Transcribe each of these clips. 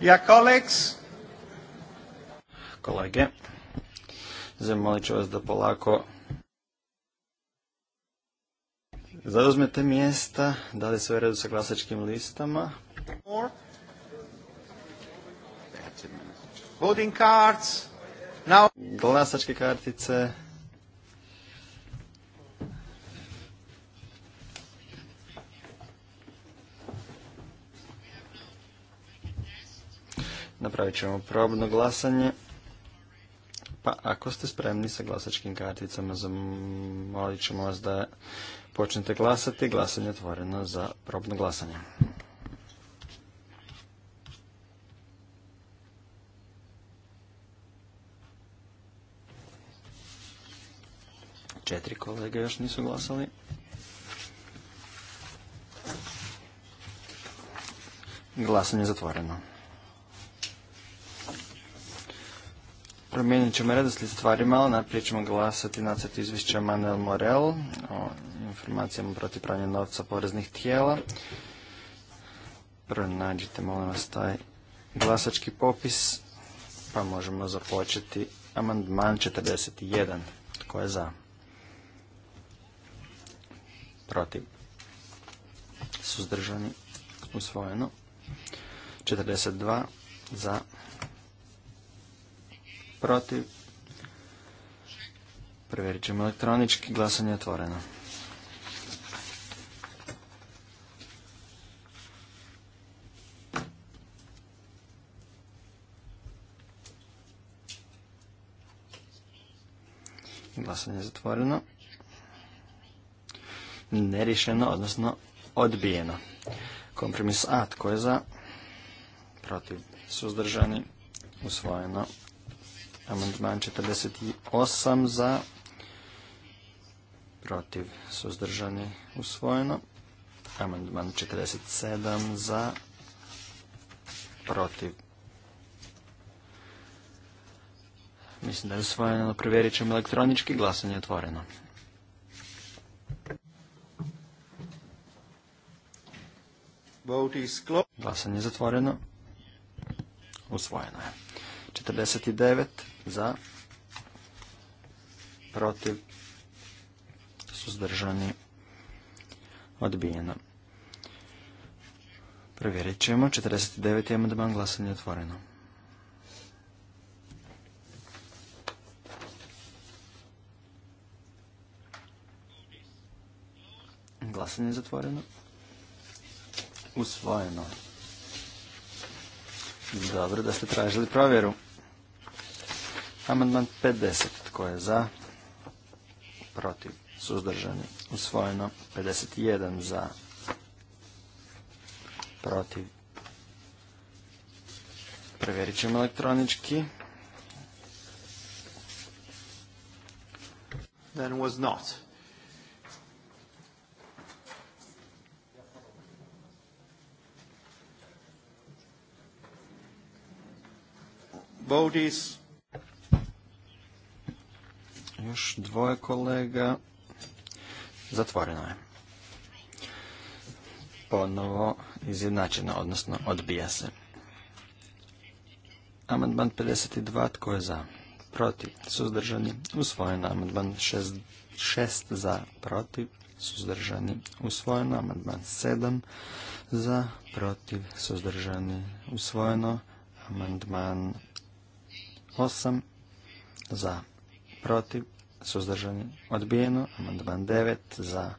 Ja koleks. Kolege, zamolit ću vas da polako zauzmete mjesta, da li sve u redu sa glasačkim listama. Voting cards. Glasačke kartice. ćemo probno glasanje. Pa ako ste spremni sa glasačkim karticama, zamolit ćemo vas da počnete glasati. Glasanje je otvoreno za probno glasanje. Četiri kolega još nisu glasali. Glasanje je zatvoreno. Promijenit ćemo redoslijed stvari malo, najprije ćemo glasati nacrt izvješća Manuel Morel o informacijama protiv pranja novca poreznih tijela. Pronađite molim vas taj glasački popis, pa možemo započeti amandman 41. Tko je za? Protiv. Suzdržani. Usvojeno. 42 za protiv. Provjerit ćemo elektronički, glasanje je otvoreno. Glasanje je zatvoreno. Nerišeno, odnosno odbijeno. Kompromis A, tko je za? Protiv, suzdržani, usvojeno. Amandman 48 za, protiv, suzdržani, usvojeno. Amandman 47 za, protiv. Mislim da je usvojeno, provjerit ćemo elektronički, glasanje otvoreno. Glasanje je zatvoreno. Usvojeno je. 49 za, protiv, suzdržani, odbijeno. Provjerit ćemo. 49. amandman glasanje otvoreno. Glasanje je zatvoreno. Usvojeno. Dobro da ste tražili provjeru. Amandman 50. Tko je za? Protiv. Suzdržani. Usvojeno. 51 za. Protiv. Preverit ćemo elektronički. Then was not. Vote is još dvoje kolega. Zatvoreno je. Ponovo izjednačeno, odnosno odbija se. Amandman 52, tko je za? Protiv, suzdržani, usvojen. Amandman 6, za, protiv, suzdržani, usvojeno. Amandman 7 za, protiv, suzdržani, usvojeno. Amandman 8 za, protiv, suzdržani, odbijeno. Amandman 9 za,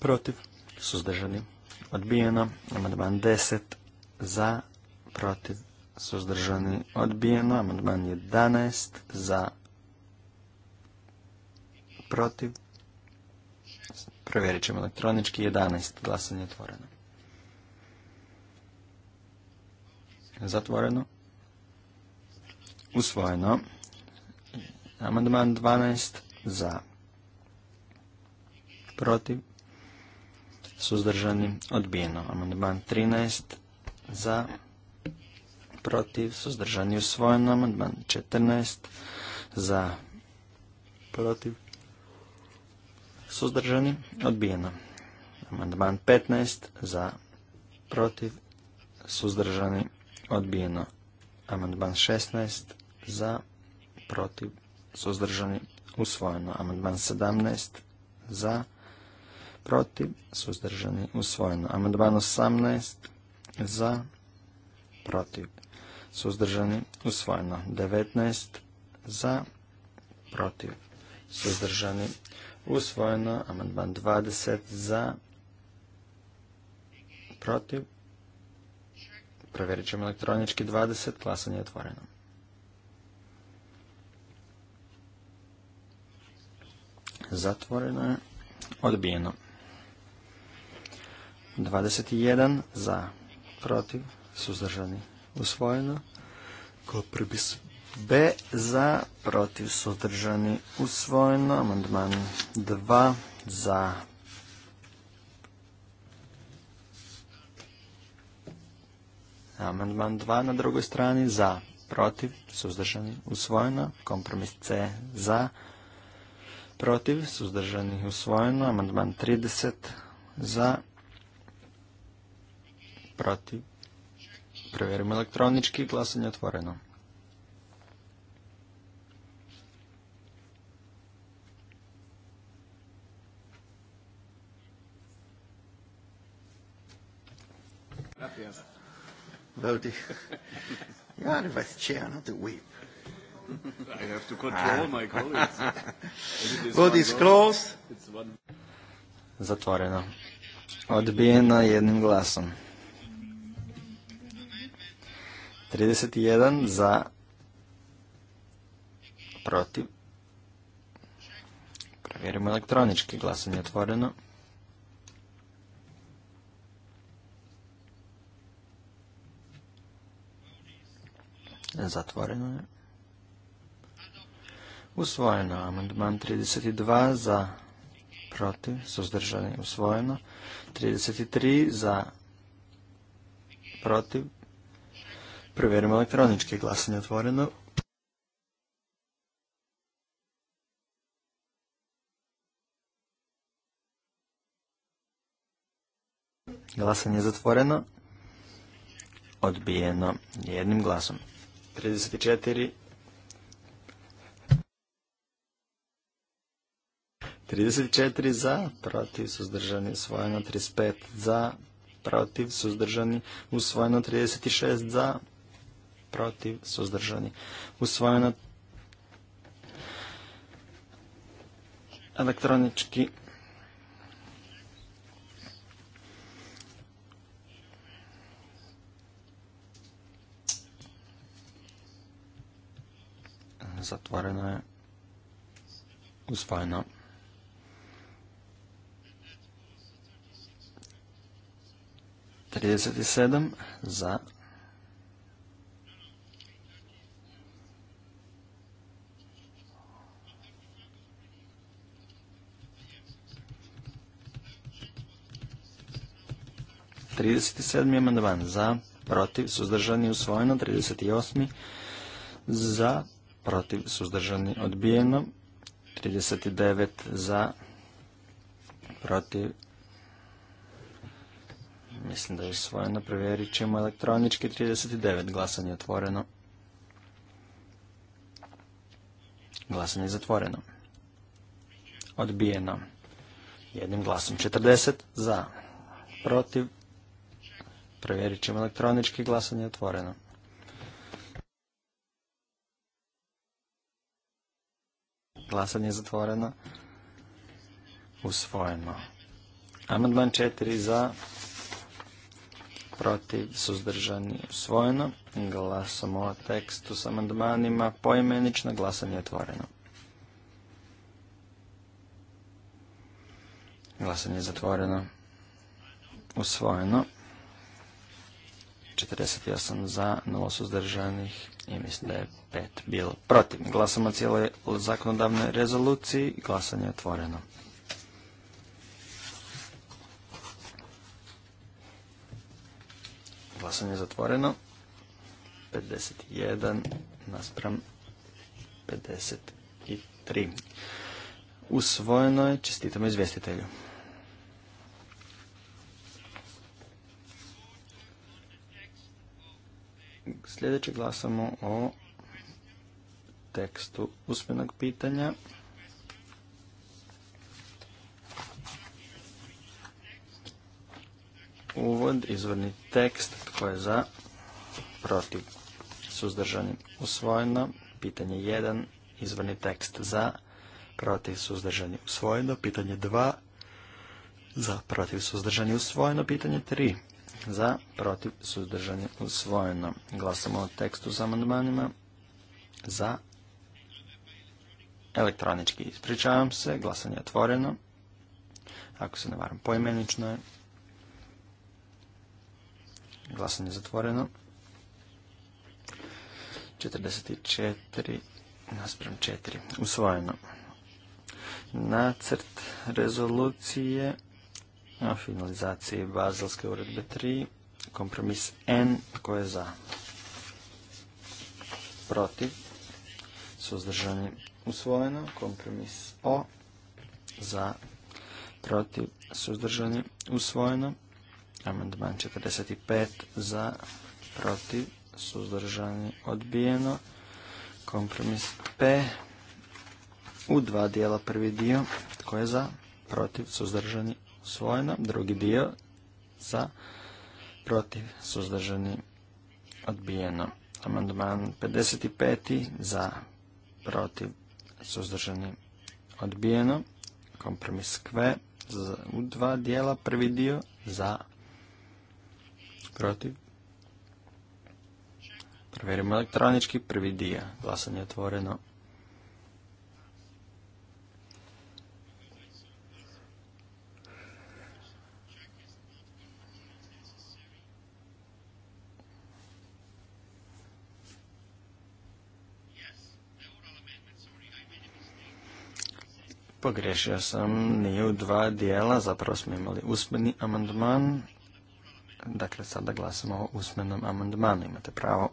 protiv, suzdržani, odbijeno. Amandman 10 za, protiv, suzdržani, odbijeno. Amandman 11 za, protiv. Provjerit ćemo elektronički. 11. Glasanje otvoreno. Zatvoreno. Usvojeno. Amandman 12 za. Protiv. Suzdržani. Odbijeno. Amandman 13 za. Protiv. Suzdržani. Usvojeno. Amandman 14 za. Protiv. Suzdržani. Odbijeno. Amandman 15 za. Protiv. Suzdržani. Odbijeno. Amandman 16 za. Protiv suzdržani, usvojeno. Amandman 17 za, protiv, suzdržani, usvojeno. Amandman 18 za, protiv, suzdržani, usvojeno. 19 za, protiv, suzdržani, usvojeno. Amandman 20 za, protiv, provjerit ćemo elektronički 20, glasanje je otvoreno. Zatvoreno je. Odbijeno. 21 za. Protiv. Suzdržani. Usvojeno. Koprbis B za. Protiv. Suzdržani. Usvojeno. Amandman 2 za. Amandman 2 na drugoj strani za. Protiv. Suzdržani. Usvojeno. Kompromis C za protiv, suzdržani usvojeno, amandman 30 za, protiv, provjerimo elektronički, glasanje otvoreno. Voting. Ja ne vas chair, not the weep. I have to control my colleagues. Ah. Zatvoreno. Odbijeno jednim glasom. 31 za protiv. Provjerimo elektronički. Glasanje otvoreno. Zatvoreno je. Usvojeno. Amandman 32 za protiv, suzdržani, usvojeno. 33 za protiv. Provjerimo elektronički glasanje otvoreno. Glasanje je zatvoreno. Odbijeno jednim glasom. 34 34 za, protiv, suzdržani, usvojeno 35 za, protiv, suzdržani, usvojeno 36 za, protiv, suzdržani, usvojeno elektronički zatvoreno je usvojeno 37 za. 37. amandman za, protiv, suzdržani, usvojeno. 38. za, protiv, suzdržani, odbijeno. 39. za, protiv, Mislim da je usvojeno. Provjerit ćemo elektronički. 39. Glasanje je otvoreno. Glasanje je zatvoreno. Odbijeno. Jednim glasom. 40. Za. Protiv. Provjerit ćemo elektronički. Glasanje otvoreno. Glasanje je zatvoreno. Usvojeno. Amandman 4 za, protiv, suzdržani, usvojeno. Glasamo o tekstu s amandmanima, poimenično glasanje je otvoreno. Glasanje je zatvoreno. Usvojeno. 48 za, 0 suzdržanih i mislim da je 5 bilo protiv. Glasamo o cijeloj zakonodavnoj rezoluciji. Glasanje je otvoreno. Glasanje je zatvoreno. 51 naspram 53. Usvojeno je. Čestitamo izvjestitelju. Sljedeće glasamo o tekstu usmenog pitanja. uvod, izvorni tekst, tko je za, protiv, suzdržani, usvojeno, pitanje 1, izvorni tekst za, protiv, suzdržani, usvojeno, pitanje 2, za, protiv, suzdržani, usvojeno, pitanje 3, za, protiv, suzdržani, usvojeno. Glasamo o tekstu za amandmanima, za, elektronički, ispričavam se, glasanje je otvoreno, ako se ne varam poimenično je, Glasanje zatvoreno. 44 naspram 4. Usvojeno. Nacrt rezolucije o finalizaciji Bazelske uredbe 3. Kompromis N. ko je za? Protiv. Suzdržani. Usvojeno. Kompromis O. Za. Protiv. Suzdržani. Usvojeno. Amandman 45 za, protiv, suzdržani, odbijeno. Kompromis P u dva dijela prvi dio tko je za, protiv, suzdržani, usvojeno. Drugi dio za, protiv, suzdržani, odbijeno. Amandman 55 za, protiv, suzdržani, odbijeno. Kompromis Q u dva dijela prvi dio za, Protiv? Provjerimo elektronički prvi dio. Glasanje je otvoreno. Pogrešio sam, nije u dva dijela, zapravo smo imali usmeni amandman. Dakle, sada glasamo o usmenom amandmanu. Imate pravo.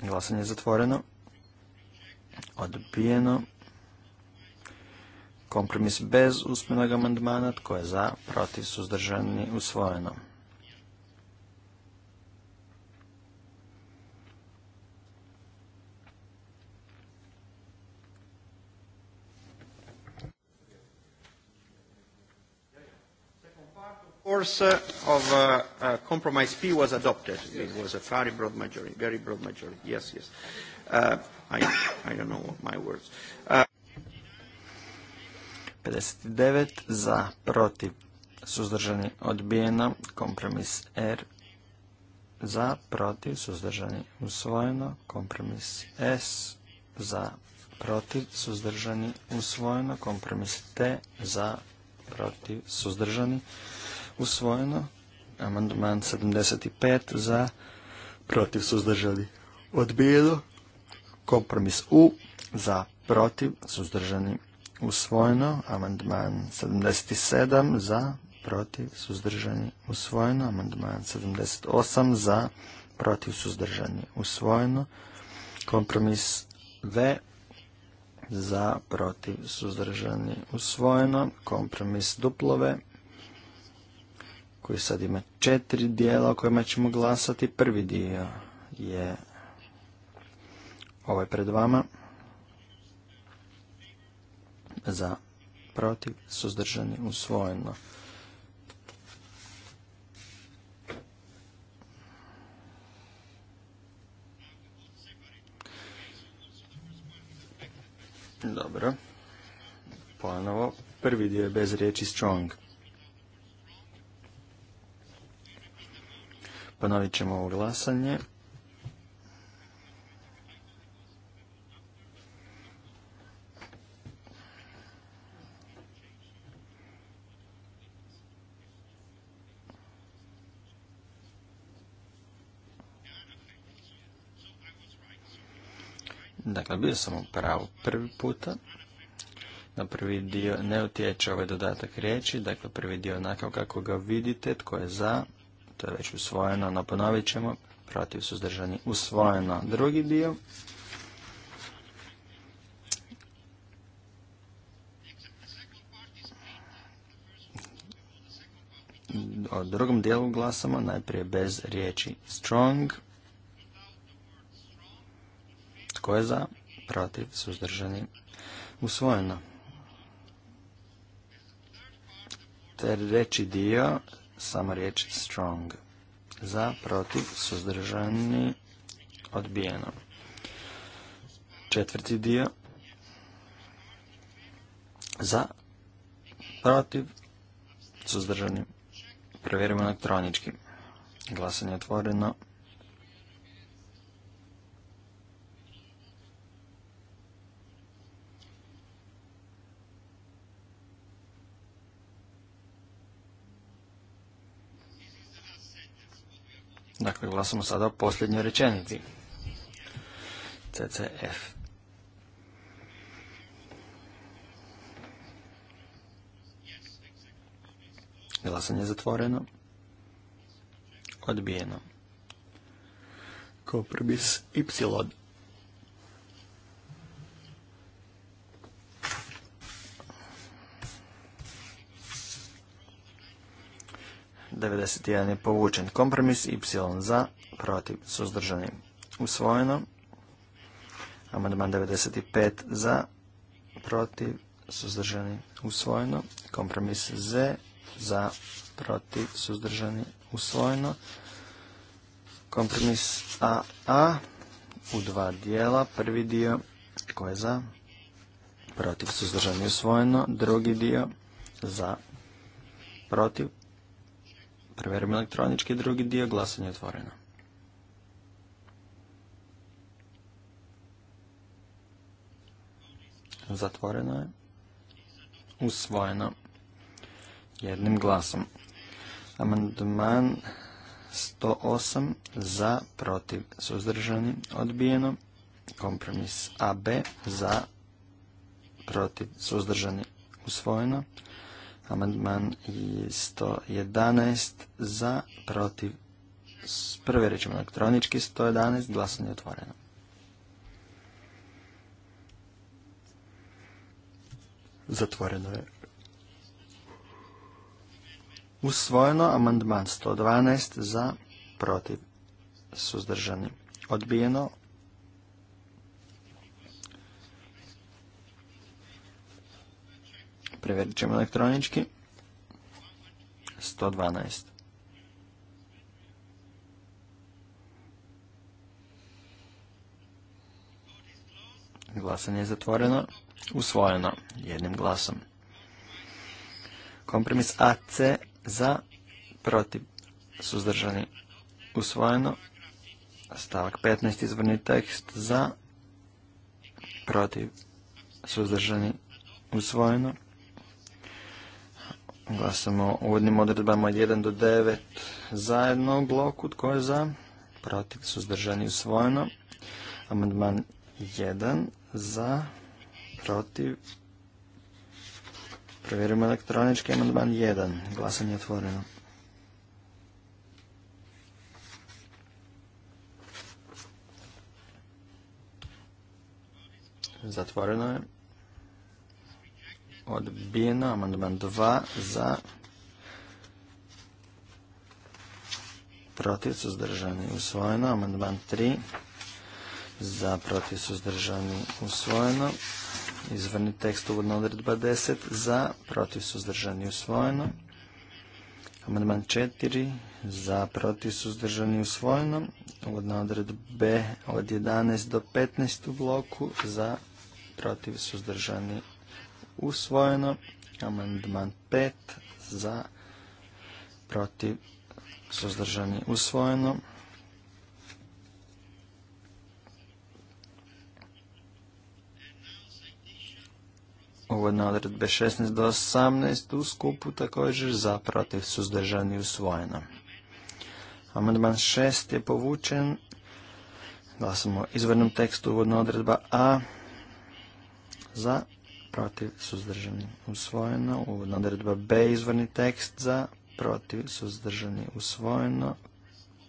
Glasanje je zatvoreno. Odbijeno. Kompromis bez usmenog amandmana. Tko je za? Protiv? Suzdržani? Usvojeno. course, uh, of uh, uh, compromise P was adopted. It was a very broad majority, very broad majority. Yes, yes. Uh, I, I don't know my words. Uh, 59 za, protiv, suzdržani, odbijeno, kompromis R, za, protiv, suzdržani, usvojeno, kompromis S, za, protiv, suzdržani, usvojeno, kompromis T, za, protiv, suzdržani, usvojeno usvojeno. Amandman 75 za, protiv suzdržani odbijeno. Kompromis U za, protiv suzdržani usvojeno. Amandman 77 za, protiv suzdržani usvojeno. Amandman 78 za, protiv suzdržani usvojeno. Kompromis V za, protiv, suzdržani, usvojeno. Kompromis duplove koji sad ima četiri dijela o kojima ćemo glasati. Prvi dio je ovaj pred vama za protiv suzdržani usvojeno. Dobro. Ponovo. Prvi dio je bez riječi strong. Ponovit ćemo ovo glasanje. Dakle, bio sam u pravu prvi puta. Na prvi dio ne utječe ovaj dodatak riječi, dakle prvi dio onako kako ga vidite, tko je za, to je već usvojeno, naponavit ćemo, protiv suzdržani usvojeno drugi dio. O drugom dijelu glasamo, najprije bez riječi strong. Tko je za? Protiv suzdržani usvojeno. Treći dio samo riječ strong. Za, protiv, suzdržani, odbijeno. Četvrti dio. Za, protiv, suzdržani. Provjerimo elektronički. Glasanje je otvoreno. Dakle, glasamo sada o posljednjoj rečenici. CCF. Glasanje je zatvoreno. Odbijeno. Koprbis Y. 91 je povučen. Kompromis Y za, protiv, suzdržani. Usvojeno. Amandman 95 za, protiv, suzdržani. Usvojeno. Kompromis Z za, protiv, suzdržani. Usvojeno. Kompromis AA u dva dijela. Prvi dio koji je za, protiv, suzdržani. Usvojeno. Drugi dio za, protiv, Preverim elektronički drugi dio, glasanje je otvoreno. Zatvoreno je. Usvojeno. Jednim glasom. Amandman 108 za, protiv, suzdržani, odbijeno. Kompromis AB za, protiv, suzdržani, usvojeno. Amandman 111 za, protiv, prvi rećemo elektronički, 111, glasanje je otvoreno. Zatvoreno je. Usvojeno amandman 112 za, protiv, suzdržani. Odbijeno Provjerit ćemo elektronički. 112. Glasanje je zatvoreno. Usvojeno jednim glasom. Kompromis AC za protiv suzdržani usvojeno. Stavak 15 izvorni tekst za protiv suzdržani usvojeno. Glasamo o uvodnim odredbama 1 do 9 zajedno u bloku. Tko je za? Protiv zdržani usvojeno. Amandman 1 za, protiv. Provjerimo elektronički amandman 1. Glasanje je otvoreno. Zatvoreno je odbijeno. Amandman 2 za protiv suzdržani usvojeno. Amandman 3 za protiv suzdržani usvojeno. Izvrni tekst uvodna odredba 10 za protiv suzdržani usvojeno. Amandman 4 za protiv suzdržani usvojeno. Uvodna odredba B od 11 do 15 u bloku za protiv suzdržani usvojeno. Amandman 5 za protiv suzdržani usvojeno. Uvodne odredbe 16 do 18 u skupu također za protiv suzdržani usvojeno. Amandman 6 je povučen. Glasamo o izvornom tekstu uvodna odredba A za protiv, suzdržani, usvojeno. Uvodna odredba B, izvorni tekst za, protiv, suzdržani, usvojeno.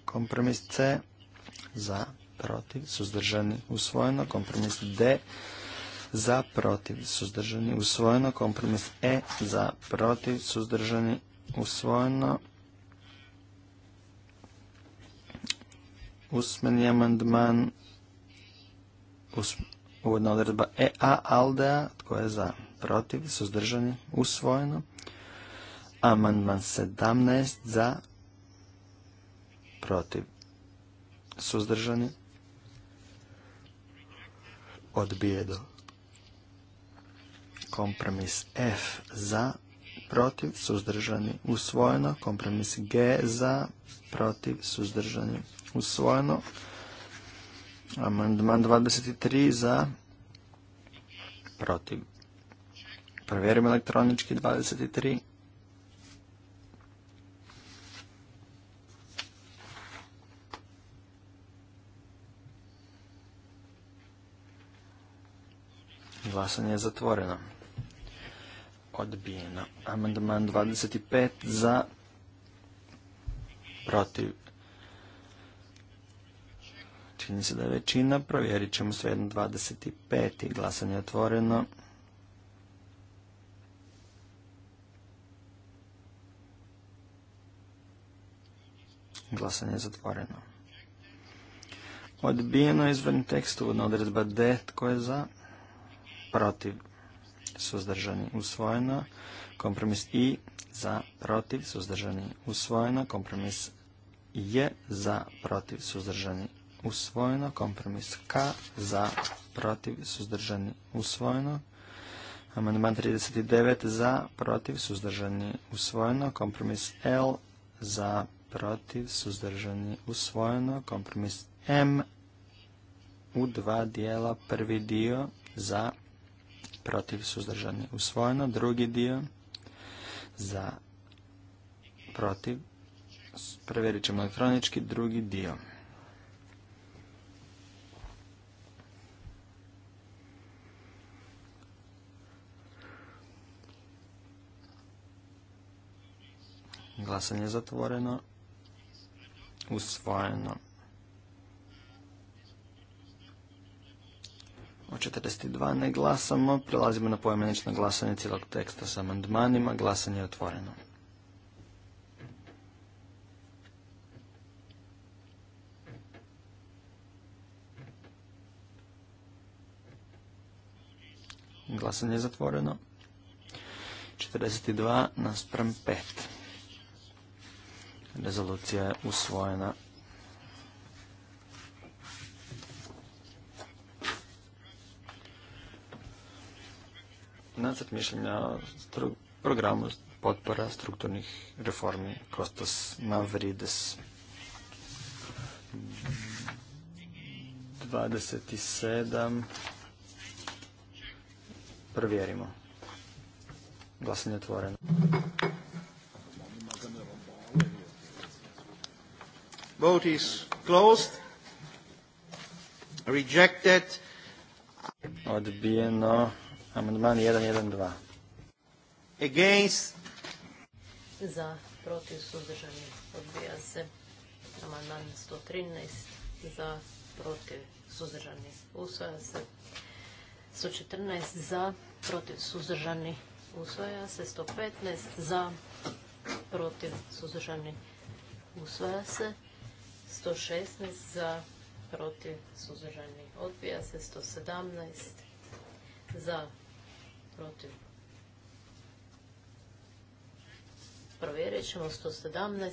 Kompromis C, za, protiv, suzdržani, usvojeno. Kompromis D, za, protiv, suzdržani, usvojeno. Kompromis E, za, protiv, suzdržani, usvojeno. Usmeni amandman, Uvodna odredba e A Aldea, tko je za, protiv, suzdržani, usvojeno. Amandman 17 za, protiv, suzdržani, odbijeno. Kompromis F za, protiv, suzdržani, usvojeno. Kompromis G za, protiv, suzdržani, usvojeno. Amandman 23 za protiv. Provjerimo elektronički 23. Glasanje je zatvoreno. Odbijeno. Amandman 25 za protiv. Čini se da je većina, provjerit ćemo svejedno 25. Glasanje je otvoreno. Glasanje je zatvoreno. Odbijeno izvrni tekst uvodna odredba D. Tko je za? Protiv. Suzdržani usvojeno. Kompromis I. Za. Protiv. Suzdržani usvojeno. Kompromis je za protiv suzdržani usvojeno. Kompromis K za, protiv, suzdržani, usvojeno. Amandman 39 za, protiv, suzdržani, usvojeno. Kompromis L za, protiv, suzdržani, usvojeno. Kompromis M u dva dijela. Prvi dio za, protiv, suzdržani, usvojeno. Drugi dio za, protiv, provjerit ćemo elektronički drugi dio. Glasanje je zatvoreno. Usvojeno. O 42 ne glasamo. Prelazimo na pojmenično glasanje cijelog teksta sa amandmanima. Glasanje je otvoreno. Glasanje je zatvoreno. 42 naspram 5. Rezolucija je usvojena. Nacrt mišljenja o programu potpora strukturnih reformi Kostas Mavrides. 27. Provjerimo. Glasanje otvoreno. Vote is closed. Rejected. Odbijeno. Amandman 112. Against. Za, protiv, suzdržani. Odbija se. Amandman 113. Za, protiv, suzdržani. Usvaja se. 114 za, protiv suzdržani. Usvaja se. 115 za, protiv suzdržani. Usvaja se. 116 za, protiv, suzdržanih odbija se. 117 za, protiv. Provjerit ćemo 117.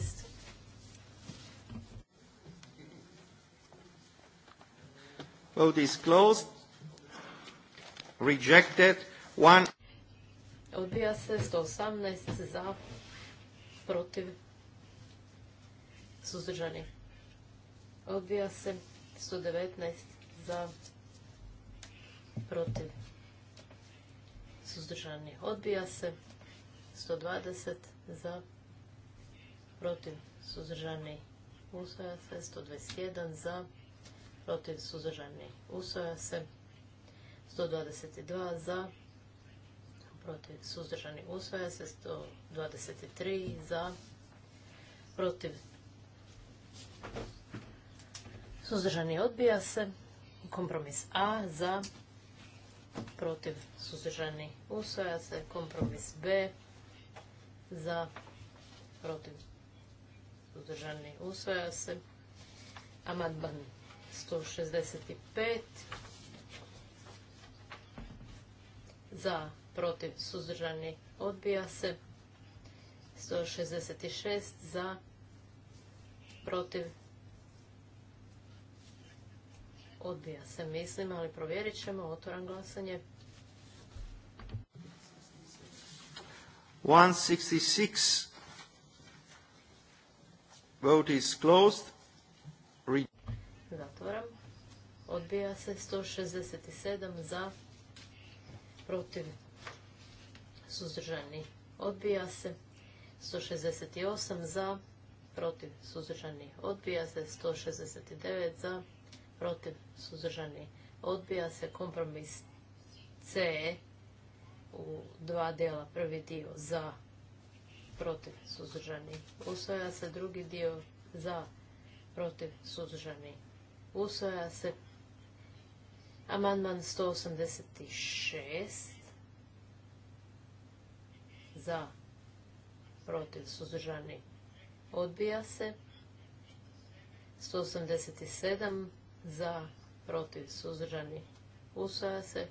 Vote is Rejected. Odbija se 118 za, protiv, suzdržanih Odbija se 119 za protiv suzdržani. Odbija se 120 za protiv suzdržani. Usvaja se 121 za protiv suzdržani. Usvaja se 122 za protiv suzdržani. Usvaja se 123 za protiv Suzdržani odbija se. Kompromis A za. Protiv suzdržani usvaja se. Kompromis B za. Protiv suzdržani usvaja se. Amadban 165 za. Protiv suzdržani odbija se. 166 za. Protiv Odbija se, mislim, ali provjerit ćemo. Otvoram glasanje. 166. Vote is closed. Zatvoram. Odbija se 167 za, protiv, suzdržani. Odbija se 168 za, protiv, suzdržani. Odbija se 169 za, protiv, suzdržani, odbija se kompromis C u dva dijela, prvi dio za, protiv, suzdržani, usvaja se drugi dio za, protiv, suzdržani, usvaja se amandman 186 za, protiv, suzdržani, odbija se, 187 za, protiv, suzdržani, usvaja se.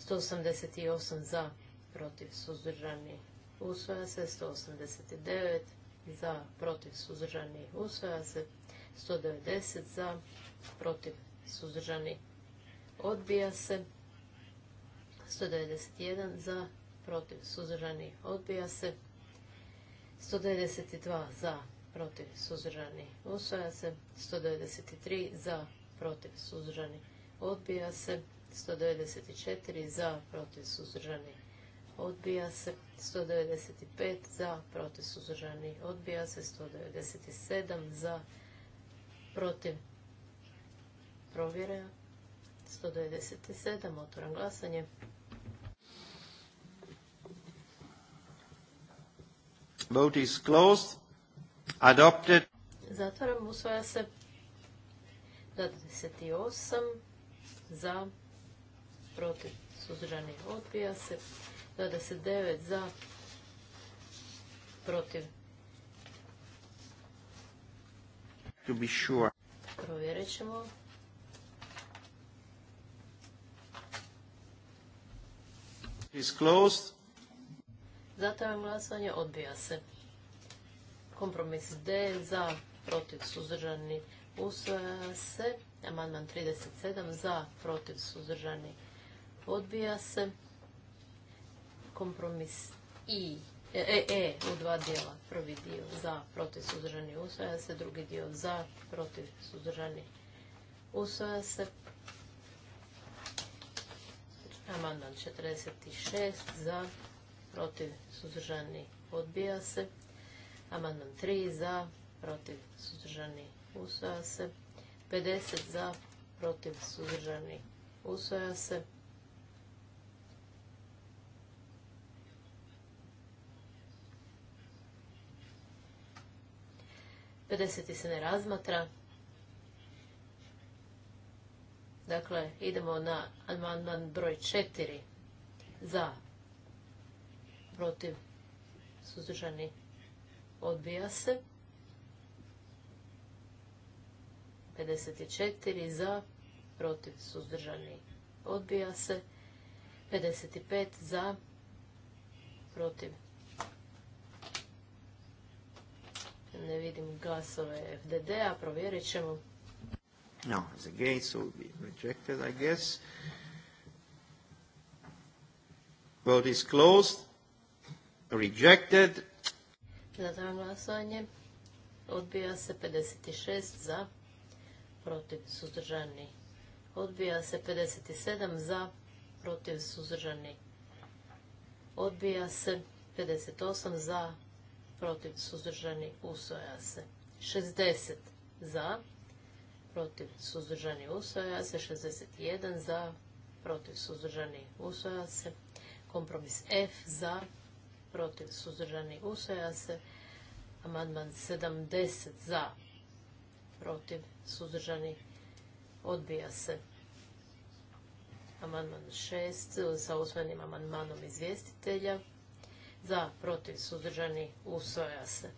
188 za, protiv, suzdržani, usvaja se. 189 za, protiv, suzdržani, usvaja se. 190 za, protiv, suzdržani, odbija se. 191 za, protiv, suzdržani, odbija se. 192 za, protiv, suzdržani, usvaja se. 193 za, protiv suzdržani odbija se. 194 za protiv suzdržani odbija se. 195 za protiv suzdržani odbija se. 197 za protiv provjera 197 otvoram glasanje. Vote is closed. Adopted. Zatvaram, usvaja se. 28 za, protiv suzdržanih odbija se. 29 za, protiv. To be sure. Provjerit ćemo. Is closed. je glasovanje, odbija se. Kompromis D za, protiv suzdržani usvaja se. Amandman 37 za, protiv, suzdržani, odbija se. Kompromis I, e, e, e, u dva dijela. Prvi dio za, protiv, suzdržani, usvaja se. Drugi dio za, protiv, suzdržani, usvaja se. Amandman 46 za, protiv, suzdržani, odbija se. Amandman 3 za, protiv, suzdržani, usvaja se. 50 za, protiv, suzdržani, usvaja se. Pedeset se ne razmatra. Dakle, idemo na amandman broj četiri. Za, protiv, suzdržani, odbija se. 54 za, protiv suzdržani odbija se. 55 za, protiv. Ne vidim glasove FDD-a, provjerit ćemo. No, it's against, so will be rejected, I guess. Vote is closed. Rejected. Zatvaram glasovanje. Odbija se 56 za, protiv suzdržani. Odbija se 57 za, protiv suzdržani. Odbija se 58 za, protiv suzdržani. Usvoja se 60 za, protiv suzdržani. Usvoja se 61 za, protiv suzdržani. Usvoja se kompromis F za, protiv suzdržani. Usvoja se amandman 70 za, protiv, suzdržani, odbija se. Amandman 6 sa usvojenim amandmanom izvjestitelja. Za, protiv, suzdržani, usvoja se.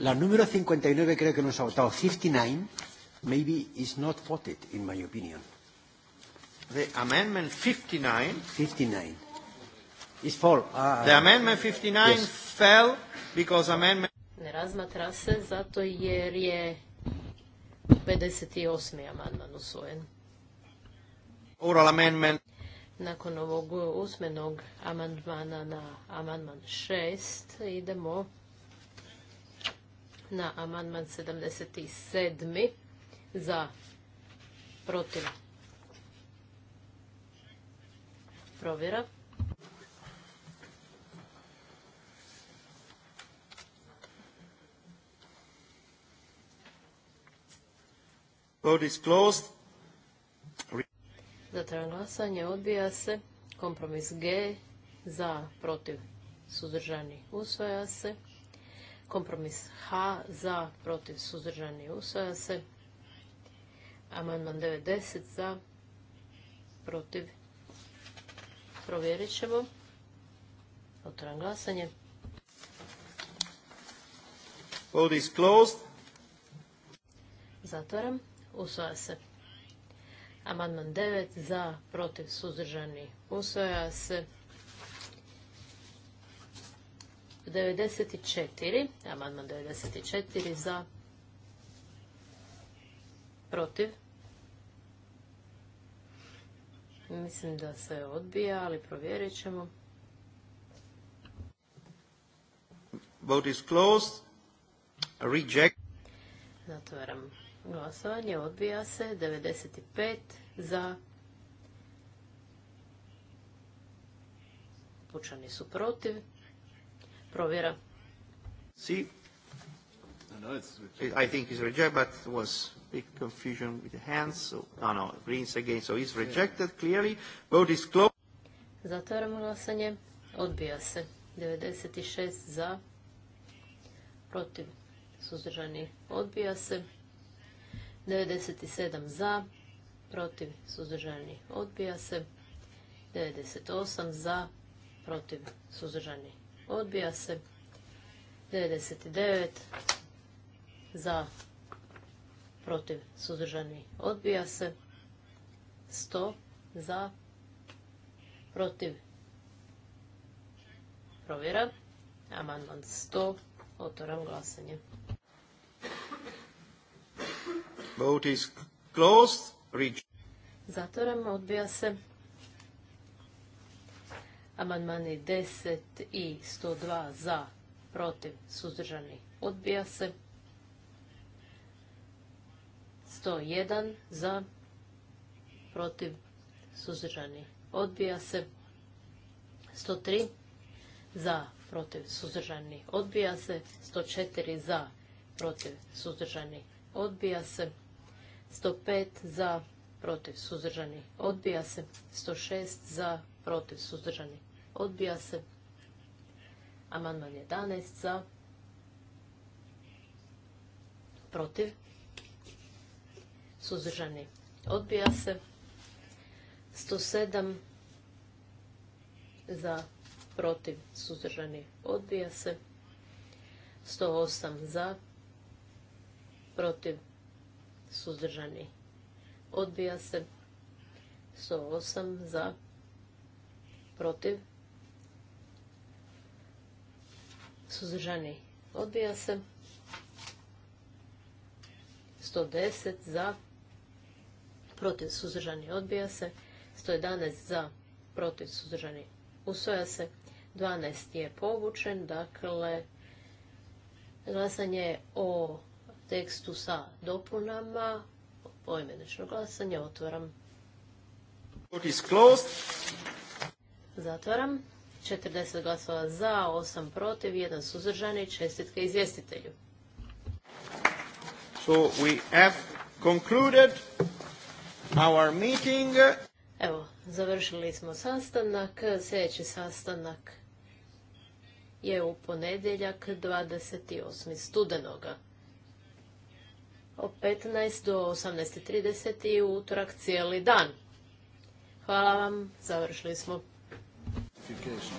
La numero 59 creo que nos ha votado. 59 maybe is not voted in my opinion. The amendment 59. 59. Is for... Uh, the amendment 59 yes. fell because amendment. Ne razmatra se zato jer je 58. amandman usvojen. Oral amendment. Nakon ovog usmenog amandmana na amandman 6 idemo na amandman 77 za protiv provjera. Vote Zatvaram glasanje. Odbija se. Kompromis G. Za, protiv, suzdržani. Usvaja se. Kompromis H. Za, protiv, suzdržani. Usvaja se. Amandman 90. Za, protiv. Provjerit ćemo. Otvaram glasanje. Vote Zatvaram usvaja se. Amandman 9 za, protiv, suzdržani, usvaja se. 94, amandman 94 za, protiv. Mislim da se odbija, ali provjerit ćemo. Vote Reject. Zatvaram Glasovanje odbija se. 95 za. Pučani su protiv. Provjera. Si. I think it's rejected, but was big confusion with the hands. So, no, no, greens again. So it's rejected clearly. Vote is closed. Zatvaramo glasanje. Odbija se. 96 za. Protiv. Suzdržani. Odbija se. 97 za, protiv suzdržani odbija se. 98 za, protiv suzdržani odbija se. 99 za, protiv suzdržani odbija se. 100 za, protiv provjera. Amandman 100. Otvoram glasanje. Vote is closed. Zatvoram, odbija se. Amandmani 10 i 102 za, protiv, suzdržani, odbija se. 101 za, protiv, suzdržani, odbija se. 103 za, protiv, suzdržani, odbija se. 104 za, protiv, suzdržani, odbija se. 105 za, protiv, suzdržani, odbija se. 106 za, protiv, suzdržani, odbija se. Amandman 11 za, protiv, suzdržani, odbija se. 107 za, protiv, suzdržani, odbija se. 108 za, protiv, suzdržani, odbija se. 108 za, protiv, suzdržani, odbija se. 110 za, protiv, suzdržani, odbija se. 111 za, protiv, suzdržani, usvoja se. 12 je povučen, dakle, glasanje o tekstu sa dopunama. Poimenično glasanje otvoram. Zatvaram. 40 glasova za, 8 protiv, 1 suzdržani. Čestitke izvjestitelju. So we have concluded our meeting. Evo, završili smo sastanak. Sljedeći sastanak je u ponedjeljak 28. studenoga od 15 do 18.30 i utorak cijeli dan. Hvala vam, završili smo.